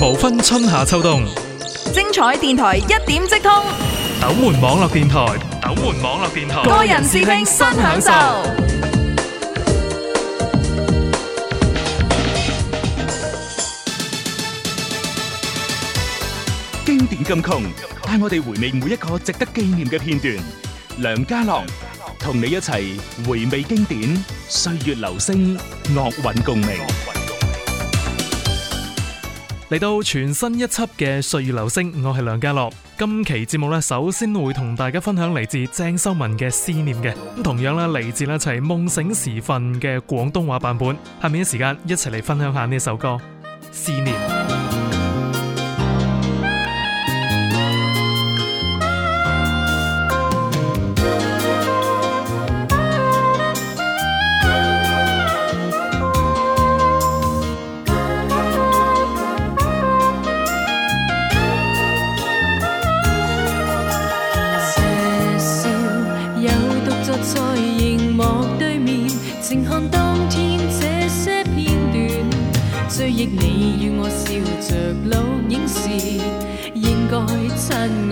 無分春夏秋冬，精彩電台一點即通。斗門網絡電台，斗門網絡電台，多人視聽，新享受。經典金曲帶我哋回味每一個值得紀念嘅片段。梁家朗同你一齊回味經典，歲月留聲，樂韻共鳴。嚟到全新一輯嘅《歲月留聲》，我係梁家樂。今期節目咧，首先會同大家分享嚟自鄭秀文嘅《思念》嘅，咁同樣啦，嚟自一齊《夢醒時分》嘅廣東話版本。下面嘅時間，一齊嚟分享一下呢首歌《思念》。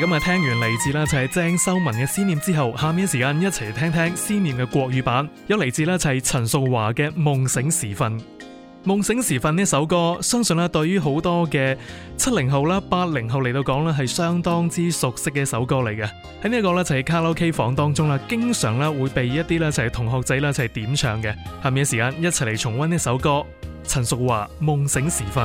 咁啊，聽完嚟自呢就係鄭秀文嘅《思念》之後，下面嘅時間一齊嚟聽聽《思念》嘅國語版。有嚟自呢就係陳淑華嘅《夢醒時分》。來《夢醒時分》呢首歌，相信啦，對於好多嘅七零後啦、八零後嚟到講呢係相當之熟悉嘅一首歌嚟嘅。喺呢一個咧，就係卡拉 OK 房當中啦，經常咧會被一啲呢就係同學仔呢就係點唱嘅。下面嘅時間一齊嚟重溫呢首歌《陳淑華夢醒時分》。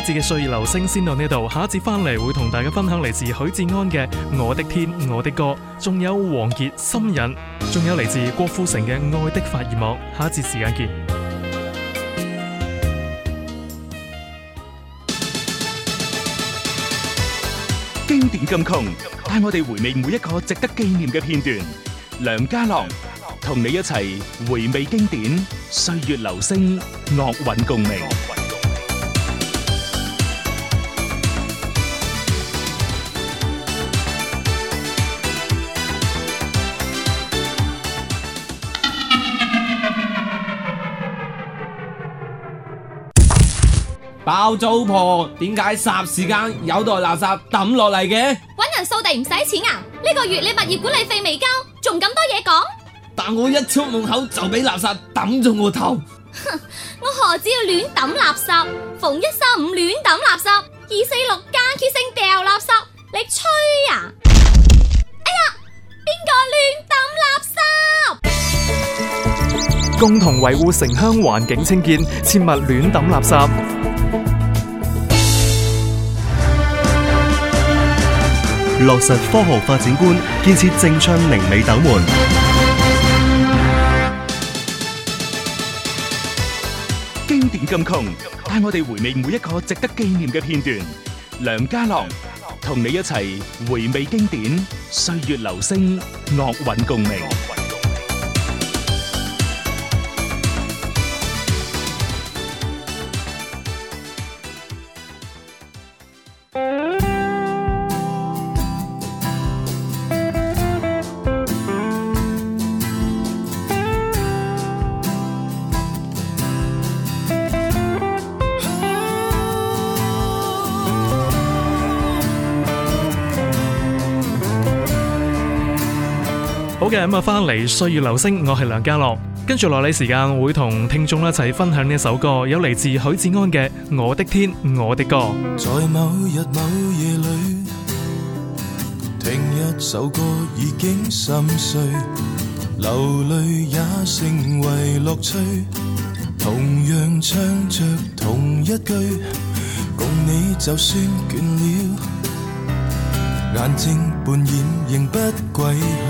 節嘅歲月留聲先到呢度，下一節翻嚟會同大家分享嚟自許志安嘅《我的天我的歌》，仲有王傑心癮，仲有嚟自郭富城嘅《愛的發熱網》，下一節時間見。經典金曲，帶我哋回味每一個值得紀念嘅片段。梁家朗同你一齊回味經典歲月，留聲樂韻共鳴。包租婆，點解霎時間有袋垃圾抌落嚟嘅？搵人掃地唔使錢啊！呢個月你物業管理費未交，仲咁多嘢講？但我一出門口就俾垃圾抌咗我頭。哼！我何止要亂抌垃圾？逢一三五亂抌垃圾，二四六間歇性掉垃圾，你吹啊！哎呀，邊個亂抌垃圾？共同維護城鄉環境清潔，切勿亂抌垃圾。落實科學發展觀，建設正昌寧美斗門。經典咁窮，帶我哋回味每一個值得紀念嘅片段。梁家郎，同你一齊回味經典，歲月留聲，樂韻共鳴。嘅咁啊，翻嚟《歲月留聲》，我係梁家樂，跟住落嚟時間會同聽眾咧一齊分享呢一首歌，有嚟自許志安嘅《我的天》，我的歌。在某日某夜裡，聽一首歌已經心碎，流淚也成為樂趣，同樣唱著同一句，共你就算倦了，眼睛半掩仍不歸去。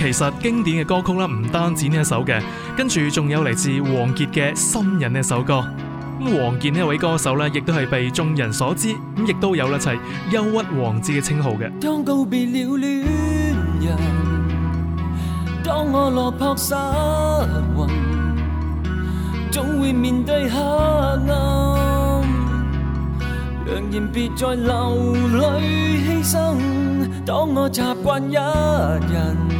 其實經典嘅歌曲啦，唔單止呢一首嘅，跟住仲有嚟自王傑嘅《心人》呢一首歌。咁王傑呢位歌手呢，亦都係被眾人所知，咁亦都有一齊憂鬱王子嘅稱號嘅。當告別了戀人，當我落魄失魂，總會面對黑暗，讓人別再流淚犧牲，當我習慣一人。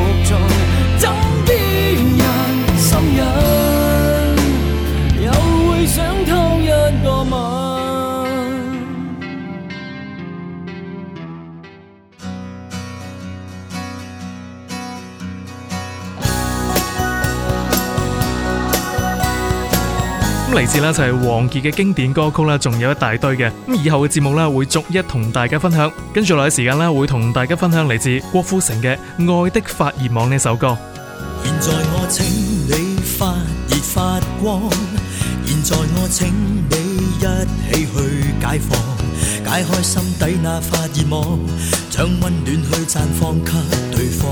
嚟自咧就係王傑嘅經典歌曲啦，仲有一大堆嘅，咁以後嘅節目咧會逐一同大家分享。跟住落嚟時間咧會同大家分享嚟自郭富城嘅《愛的發熱網》呢首歌。現在我請你發熱發光，現在我請你一起去解放，解開心底那發熱網，將溫暖去綻放給對方。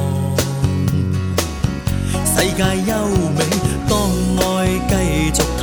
世界優美，當愛繼續。